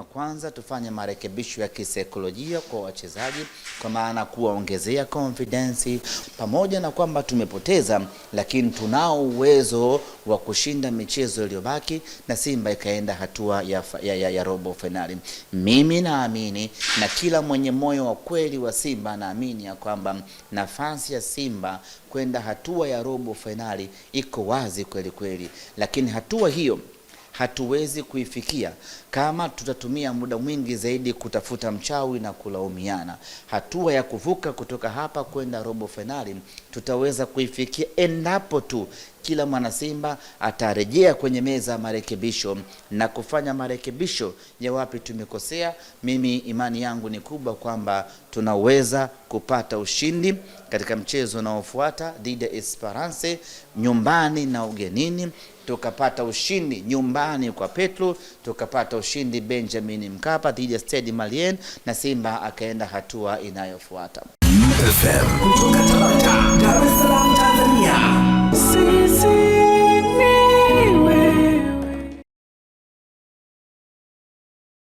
lazima kwanza tufanye marekebisho ya kisaikolojia kwa wachezaji, kwa maana kuwaongezea confidence, pamoja na kwamba tumepoteza, lakini tunao uwezo wa kushinda michezo iliyobaki na Simba ikaenda hatua ya, ya, ya, ya robo fainali. Mimi naamini na kila mwenye moyo wa kweli wa Simba naamini ya kwamba nafasi ya Simba kwenda hatua ya robo fainali iko wazi kweli kweli, lakini hatua hiyo hatuwezi kuifikia kama tutatumia muda mwingi zaidi kutafuta mchawi na kulaumiana. Hatua ya kuvuka kutoka hapa kwenda robo fainali tutaweza kuifikia endapo tu kila mwanasimba atarejea kwenye meza ya marekebisho na kufanya marekebisho ya wapi tumekosea. Mimi imani yangu ni kubwa kwamba tunaweza kupata ushindi katika mchezo unaofuata dhidi ya Esperance nyumbani na ugenini tukapata ushindi nyumbani kwa Petro, tukapata ushindi Benjamin Mkapa dhidi ya Stade Malien na Simba akaenda hatua inayofuata FM.